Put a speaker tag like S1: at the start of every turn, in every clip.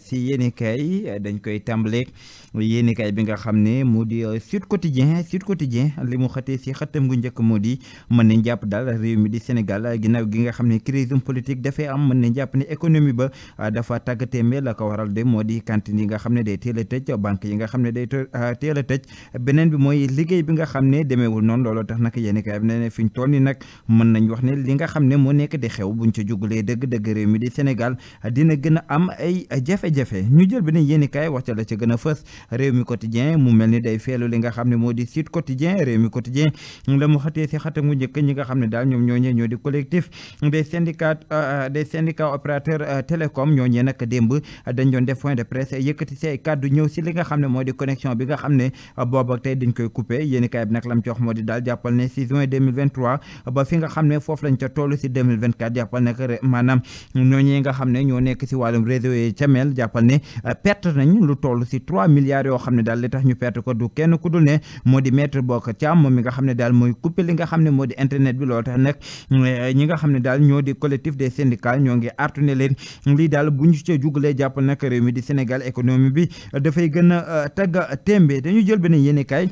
S1: si yéenekaay dañ koy tàmbaleeg yéenekaay bi nga xam ne moo di Sud Quotidien Sud Quotidien li mu xëtee si xëttam gu njëkk moo di mën nañ jàpp daal réew mi di Sénégal ginnaaw gi nga xam ne crise politique dafay am mën nañ jàpp ne économie ba dafa tàggatémbe la ko waral de moo di cantine yi nga xam ne day teel a tëj yi nga xam ne day ah, teel a tëj beneen bi mooy bi nga xam ne demeewul noonu looloo tax nag yéenekaay bi ne fi ñu toll ni nag mën nañ wax ne li nga xam ne moo nekk di xew buñ dina gën a am ay jafe jafe-jafe ñu jël beneen yéenikaay wax ca la ca gën a fës réew mi quotidien mu mel ni day feelu li nga xam ne moo di Sud Quotidien réew mi quotidien la mu xatee si xatam gu njëkk ñi nga xam ne daal ñoom ñooñee ñoo di collectif des syndicats euh, des syndicats opérateurs euh, télécom ñooñee nag démb dañ doon def point de presse yëkkati si ay kàddu ñëw si li nga xam ne moo di connexion bi nga xam ne euh, boobu ak tey dañ koy coupé yéenikaay bi nag lam ci moo di daal jàppal ne 6 juin 2023 ba fi nga xam ne foof lañ ca toll si 2024 jàppal ne maanaam ñooñee nga xam ne ñoo si wàllum réseau daal jàppal ne euh, perte nañ lu toll si 3 milliares yoo xam ne daal li tax ñu perte ko du kenn ku dul ne moo di maître Bokar Thiam moom mi nga xam ne daal mooy coupé li nga xam ne moo di internet bi loolu tax nag euh, ñi nga xam ne daal ñoo di collectif des syndicats ñoo ngi artu ne leen lii daal bu ñu ca jugalee jàppal nag réew mi di Sénégal économie bi dafay gën a euh, tagga témbe dañu jël beneen yéene kaay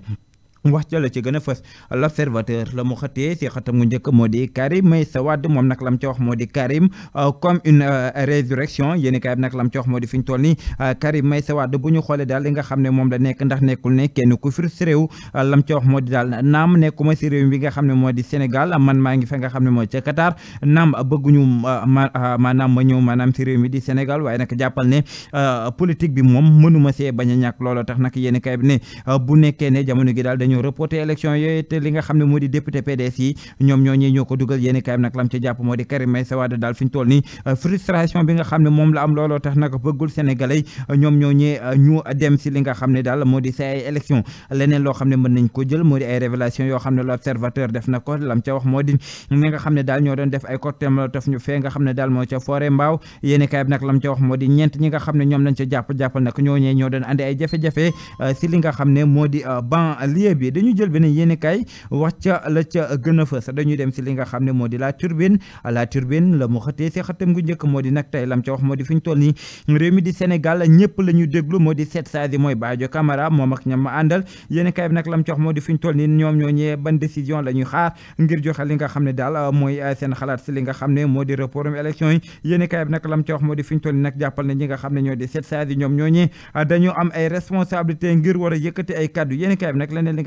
S1: wax ca la ci gëna fess l'observateur la mu xëtee ci xatam mu ñëk modi Karim may sawad mom nak lam ci wax modi Karim euh, comme une euh, résurrection yene kay nak lam ci wax modi di tolni euh, Karim may sawad bu ñu xolé dal li nga xam ne la nekk ndax nekkul ne kenn ku frustré wu lam ci wax modi di nam nam nekkuma si bi nga xam modi Sénégal man ma ngi fa nga xam mo ci Qatar naam bëgguñu manam ma ñew manam si mi di Sénégal way nak jappal ne politique bi mom mënuma sé baña ñak lolo tax nak yene kay bi ne bu nekké ne jamono gi daal dañu reporté ñoom euh, la am looloo tax nag bëggul sénégalais ñoom ñoo ñee euh, ñu dem si li nga xam xam ne daal moo ca foore ñeent ñi nga xam ne ñoom lañ ca jàpp jàppal nag ñoo ñee ñoo ay jafe-jafe euh, si li xam ne moo di banlieue bi dañu jël beneen yéenekaay wax ca la ca gën a fës dañuy dem si li nga xam ne moo di la turbine la mu xëtee si xëtam gu njëkk moo di nag tey lam ca wax moo di fi toll nii ñoom ñoo ñee ban décision la xaar ngir joxe li nga xam ne daal mooy seen xalaat si li nga xam ne moo di reportum élection yi yéenekaay bi nag lam ca wax moo di fi toll nii nag jàppal na ñi nga xam ne ñoo di seet saa ñoom ñoo ñee dañu am ay responsabilité ngir war a yëkkati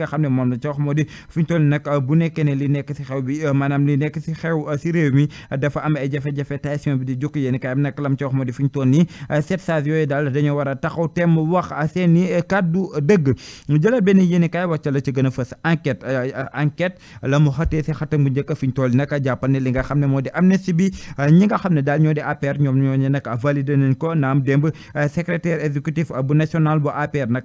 S1: nga xam ne moom la ca wax moo di fi ñu toll nag bu nekkee ne li nekk si xew bi maanaam li nekk si xew si réew mi dafa am ay jafe-jafe tension bi di jukki yéen kaay am nag lam ca wax moo di fi ñu toll nii sept sages yooyu daal dañoo war a taxaw temm wax seen i kàddu dëgg jëlal benn yéen kaay ca la ci gën a fës enquête enquête la mu xatee si xatam bu njëkk fi ñu toll nag jàppal ne li nga xam ne moo di am si bi ñi nga xam ne daal ñoo di APR ñoom ñoo ñu nag ko naam démb secrétaire exécutif bu national bu APR nag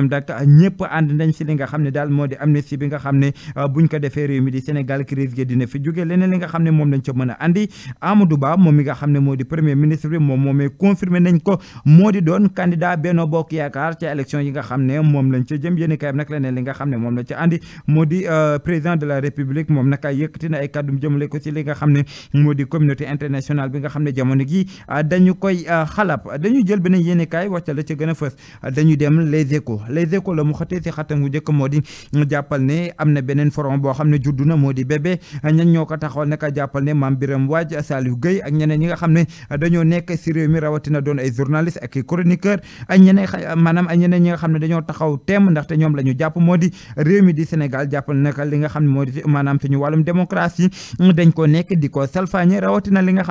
S1: ñoom dak ñëpp ànd nañ si li nga xam ne daal moo di amnistie bi nga xam ne euh, buñ ko defee réew mi di Sénégal crise gi dina fi jóge leneen li nga xam ne moom lañ ca mën a andi Amadou Ba moom mi nga xam ne moo di premier ministre bi moom moomee confirmé nañ ko moo di doon candidat Benno Bokk Yaakaar ca élection yi nga xam ne moom lañ ca jëm yéen kayam nag leneen li nga xam ne moom lañ ca andi moo di euh, président de la république moom nag yëkkati na ay kàddum jëmale ko si li nga xam ne moo di communauté internationale bi nga xam ne jamono gi euh, dañu koy xalab dañu jël beneen yéen kaay wax ca la ca gën a fës dañu dem les échos les écoles la mu xëtee si xatam gu njëkk moo di jàppal ne am na beneen forom boo xam ne juddu na moo di bébé ñan ñoo ko taxawal naka jàppal ne maam Biram Waaj xam ne dañoo nekk si réew mi rawatina doon ay journaliste ak i chroniqueur ak ñeneen maanaam ak ñeneen nga xam ne jàpp moo di réew mi di Sénégal jàppal naka li nga xam ne moo di maanaam suñu wàllum démocratie dañ li nga xam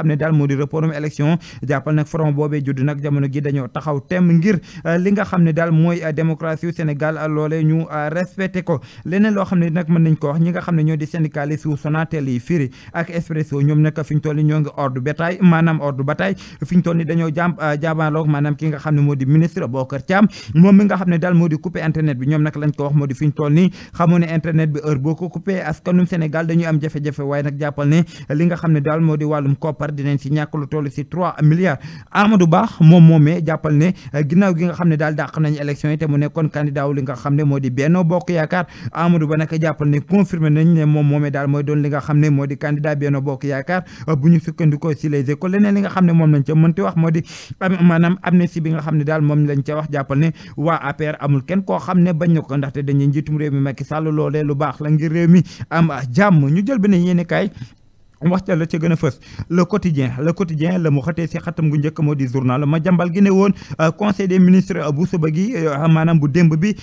S1: ne daal moo di reportum élection jàppal nag forom boobee judd nag jamono gi dañoo taxaw temm ngir li nga xam ne daal mooy démocratie démocratie yu Sénégal loolee ñu euh, respecté ko leneen loo ko wax ñi nga xam ne ñoo di syndicaliste yu Sonatel yi Free ak euh, am jafe-jafe moom moomee jàppal ne euh, ginnaaw gi nga xam ne daal dàq nañ élection yi te mu nekk nekkoon candidat wu li nga xam ne moo di Benno Bokk Yaakaar Amadou Ba nag jàppal ne confirmé nañ ne moom moomee daal mooy doon li nga xam ne moo di candidat Benno Bokk Yaakaar bu ñu sukkandikoo si les écoles leneen li nga xam ne moom lañ ca mënti wax moo di maanaam amnistie bi nga xam ne daal moom lañ ca wax jàppal ne waa APR amul kenn koo xam ne bañ na ko ndaxte dañuy njiitum réew mi Macky Sall loolee lu baax la ngir réew mi am jàmm ñu jël beneen yéene wax ca la ca gën a fës le quotidien la mu xatee si xatam gu njëkk moo di journal ma jàmbal gi ne woon euh, conseil des ministres euh, bu suba gi euh, maanaam bu ne moo bi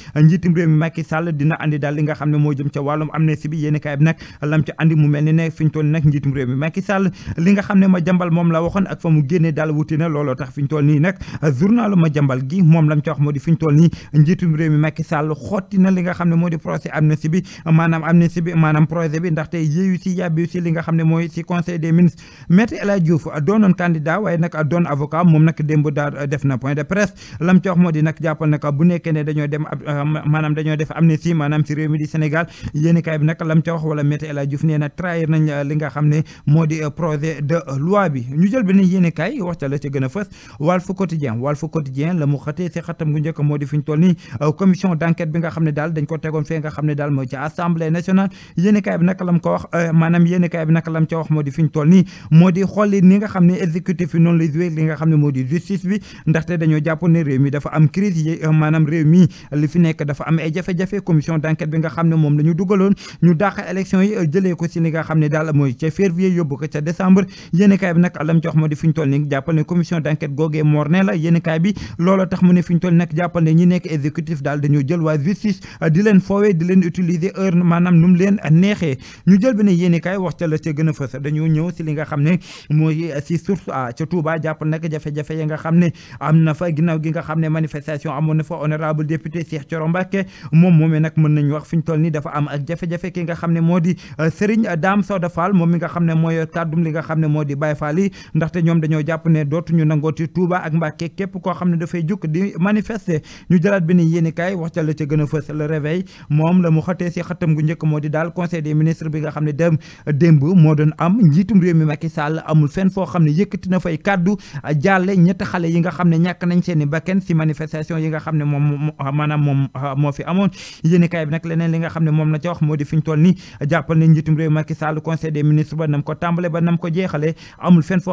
S1: maanaam projet bi ndaxte yéeyu si yàbbi si li nga xam ne mooy mooy ci conseil des ministres maître El Hadj Diouf doonoon candidat waaye nag doon avocat moom nag démb daa euh, def na point de presse lam ci wax moo di nag jàppal nag bu nekkee ne dañoo dem euh, maanaam dañoo def amnistie maanaam si réew mi di Sénégal yéen bi nag lam a euh, ko wax maanaam yéen bi nag lam ca ca wax moo di fi toll nii moo di xolli ni nga xam ne exécutif noonu lay joué li nga xam ne moo di justice bi ndaxte dañoo jàpp ne réew mi dafa am crise yi maanaam nu leen neexee ñu jël bi ne yéeni wax ca la ca gën a fa fës dañu ñëw si li nga xam ne mooy si source a ah ca Touba jàpp nag jafe-jafe yi nga xam ne am na fa ginnaaw gi nga xam ne manifestation amoon na fa honorable député Cheikh Thioro Mbacké moom moomee nag mën nañu wax fi ñu toll nii dafa moo di euh, Serigne moom mi nga xam ne mooy kàddum li nga xam ne moo di Baye Fall yi ndaxte ñoom dañoo jàpp ne dootuñu nangooti Touba ak Mbacké képp koo xam ne dafay jukk di manifester ñu jëlaat bi ni yéeni kaay wax ca la ca gën a fës le réveil moom la mu xëtee si xëttam gu njëkk moo di daal conseil des ministres bi am njiitum réew mi Macky Sall amul fenn foo xam ne yëkkati na fay kàddu ah, jàlle ñett xale yi nga xam ne ñàkk nañ seen i kenn si manifestation yi nga xam ne moom ah, maanaam moom ah, moo fi amoon yéeni kaay bi nag leneen li nga xam ne moom la ca wax moo di fi ñu toll ni jàppal ne njiitum réew mi Macky Sall conseil des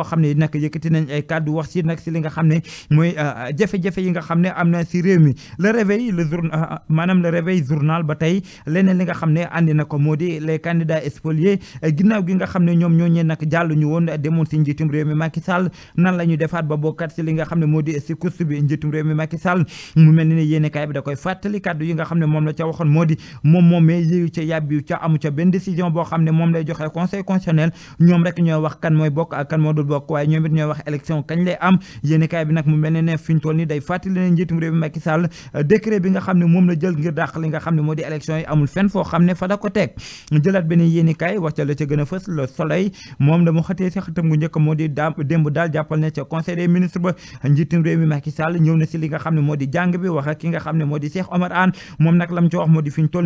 S1: xam ne nag yëkkati nañ ay kàddu wax si nag si li nga xam ne mooy jafe-jafe yi nga xam ne am na si réew mi la réveil le jour maanaam le réveil journal ba tey leneen li nga xam ne andi na ko moo di les candidats spoliés ginnaaw gi nga xam xam ne ñoom ñooñee nag jàll ñu woon demoon si njiitum réew mi Macky Sall nan la ñu defaat ba bokkat si li nga xam ne moo di si course bi njiitum réew mi Macky Sall mu mel ni ne yéene kaay bi da koy fàttali kàddu yi nga xam ne moom la ca waxoon moo di moom moom mais yéyu ca yàbbi ca amu ca benn décision boo xam ne moom lay joxe conseil constitutionnel ñoom rek ñooy wax kan mooy bokk ak kan moo dul bokk waaye ñoom it ñooy wax élection kañ lay am yéene kaay bi nag mu mel ne ne fi ñu toll ni day fàttali ne njiitum réew mi Macky Sall décret bi nga xam ne moom la jël ngir dàq li nga xam ne moo di élection yi amul fenn foo xam ne fa da ko teg jëlaat benn yéene kaay wax ca la ca gën a fës soleil moom la mu xatee si xatam gu njëkk moo di daa démb daal jàppal ne ca conseil des ministres ba njiitum réew na si li nga xam ne moo di jàng bi wax ak ki nga xam ne moo di Cheikh Omar Anne moom nag lam ci wax moo di fi ñu toll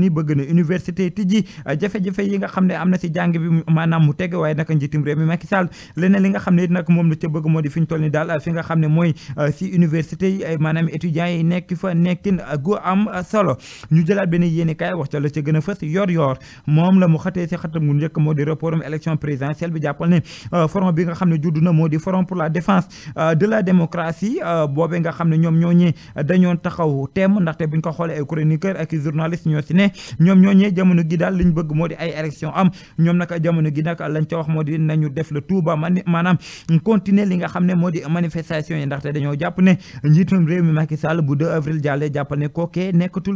S1: nga xam ne am na si jàng bi maanaam mu teg waaye nag njiitum réew mi Macky Sall leneen li xam ne it moom la ca bëgg moo di fi ñu toll nii daal fi nga xam ne mooy si euh, université yi maanaam étudiants yi nekk fa nekkin gu am solo ñu jëlaat benn yéene kaay wax ca la ca gën a fës yor yor moom la mu xatee si xatam gu njëkk moo di report élection présidentielle bi jappal ne euh, forum bi nga xamné judduna modi forum pour la défense euh, de la démocratie euh, bobé nga xamné ñom ñoom ñooñee dañoon taxaw ndax té buñ ko xolé ay chroniqueur ak journaliste ñoo si ne ñoom ñooñee jamono gi daal liñ bëgg modi ay élection am ñom naka jamono gi nag lañ ci wax modi nañu def le touba ba continuer li nga xamné modi manifestation yi té dañu japp ne réew mi Macky Sall bu 2 avril jallé jappal ne kookee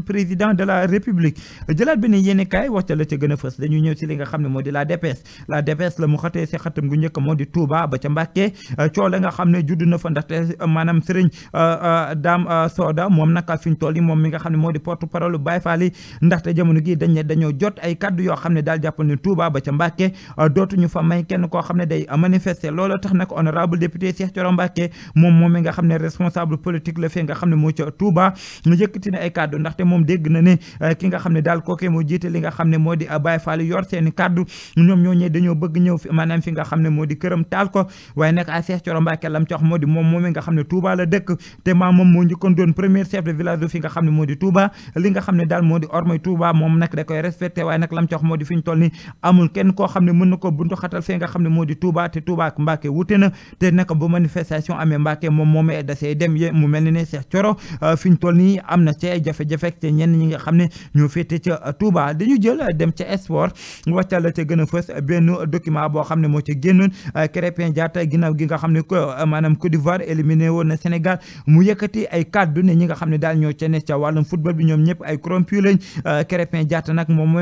S1: président de la république bi benn yéene kay wax ta la ci gëna fess dañu ñëw ci li nga xamné modi la la DPS tefes la mu xatee si xatam gu njëkk moo di Touba ba ca Mbàkke euh, coole nga xam ne judd na fa ndaxte euh, maanaam sëriñ euh, Dame Soda moom nag fi ñu yi moom mi nga xam ne moo di porte parole Baye Fall yi ndaxte jamono gi dañ ne dañoo yoo xam ne daal jàppal ne Touba ba ca Mbàkke dootuñu fa may kenn koo xam ne day manifester loolu tax nag honorable député Cheikh Thioro Mbacke moom moom mi nga xam ne responsable politique la fee nga xam ne moo ca Touba mu yëkkati na ay kaddu ndaxte moom dégg na ne ki nga xam ne daal kooke moo jiite li nga xam ne moo di Baye Fall yor seeni kaddu ñoom ñoo ñee dañoo bëgg ñëw fi maanaam fi nga xam ne moo di këram taal ko waaye nag a Cheikh Thioro Mbacké lam ci wax moo di moom moom nga xam ne Touba la dëkk te maam moo njëkkoon doon premier chef de village fi nga xam ne moo di Touba li nga xam ne daal moo di ormay Touba moom nag da koy respecté waaye nag lam ci wax moo di fi te Touba ak Mbacké te nag bu manifestation amee Mbacké moom moomee dasee dem ye mu mel ne Cheikh Thioro euh, fi nga xam ne ñoo féete ca ca a document boo xam ne moo ca génnoon euh, Krépin Diatta ginnaaw gi nga xam ne euh, maanaam Côte d'Ivoire éliminé woon na Sénégal mu yëkkati ay kàddu ne ñi nga xam ne daal ñoo ca ne ca wàllum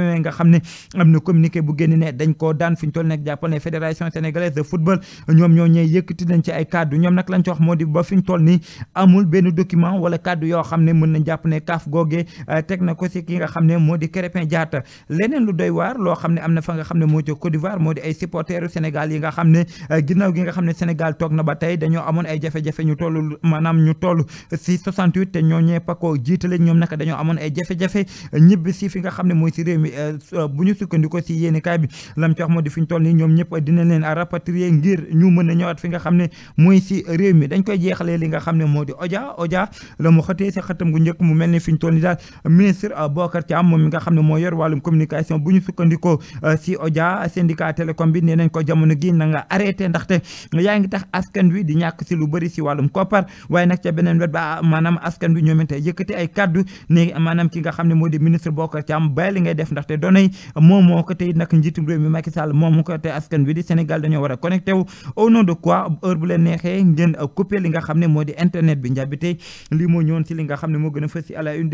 S1: euh, na communiqué bu génn ne dañ koo daan fi toll nekk jàppal ne fédération sénégalaise football ñoom ñoo ñëw yëkkati nañ ci ay kàddu ñoom nag lañ ci wax moo di ba fi toll nii amul benn document wala kàddu yoo xam ne mën nañ jàpp ne kaaf googee teg na ko si ki nga xam ne moo di Krépin Diatta leneen lu doy di ay supporteru Sénégal yi nga xam ne euh, ginnaaw gi nga xam ne Sénégal toog na ba tey dañoo amoon ay jafe-jafe ñu toll maanaam ñu toll si 68 te ñoo ñëpp ko jiitale ñoom naka dañoo amoon ay jafe-jafe ñibbi si fi nga xam ne mooy si réew mi euh, bu ñu sukkandikoo si yéenekaay bi lam ci wax ñu toll nii ñoom ñëpp dina leen rapatrier ngir ñu mën a ñëwaat fi nga xam ne mooy si réew mi dañ koy jeexalee li nga xam ne moo di oja oja la mu xëtee si xëtam gu njëkk mu mel ni fi ñu ni nii daal ministre euh, Bocar Thiam moom mi nga xam ne moo yor wàllum communication bu ñu sukkandikoo si oja syndicat télécom bi nee nañ ko jamono gi na nga arrêté ndaxte yaa ngi tax askan wi di ñàkk si lu bëri si wàllum koppar waaye nag ca beneen wet ba maanaam askan wi ñoom it yëkkati ay kaddu ne maanaam ki nga xam ne moo di ministre Bocar Thiam bàyyi li ngay def ndaxte données moom moo ko tey nag njiitum réew mi Macky Sall moom moo ko tey askan wi di Sénégal dañoo war a connecté wu au nom de quoi heure bu leen neexee ngeen coupé li nga xam ne moo di internet bi njabite lii moo ñëwoon si li nga xam ne moo gën a fës si à la une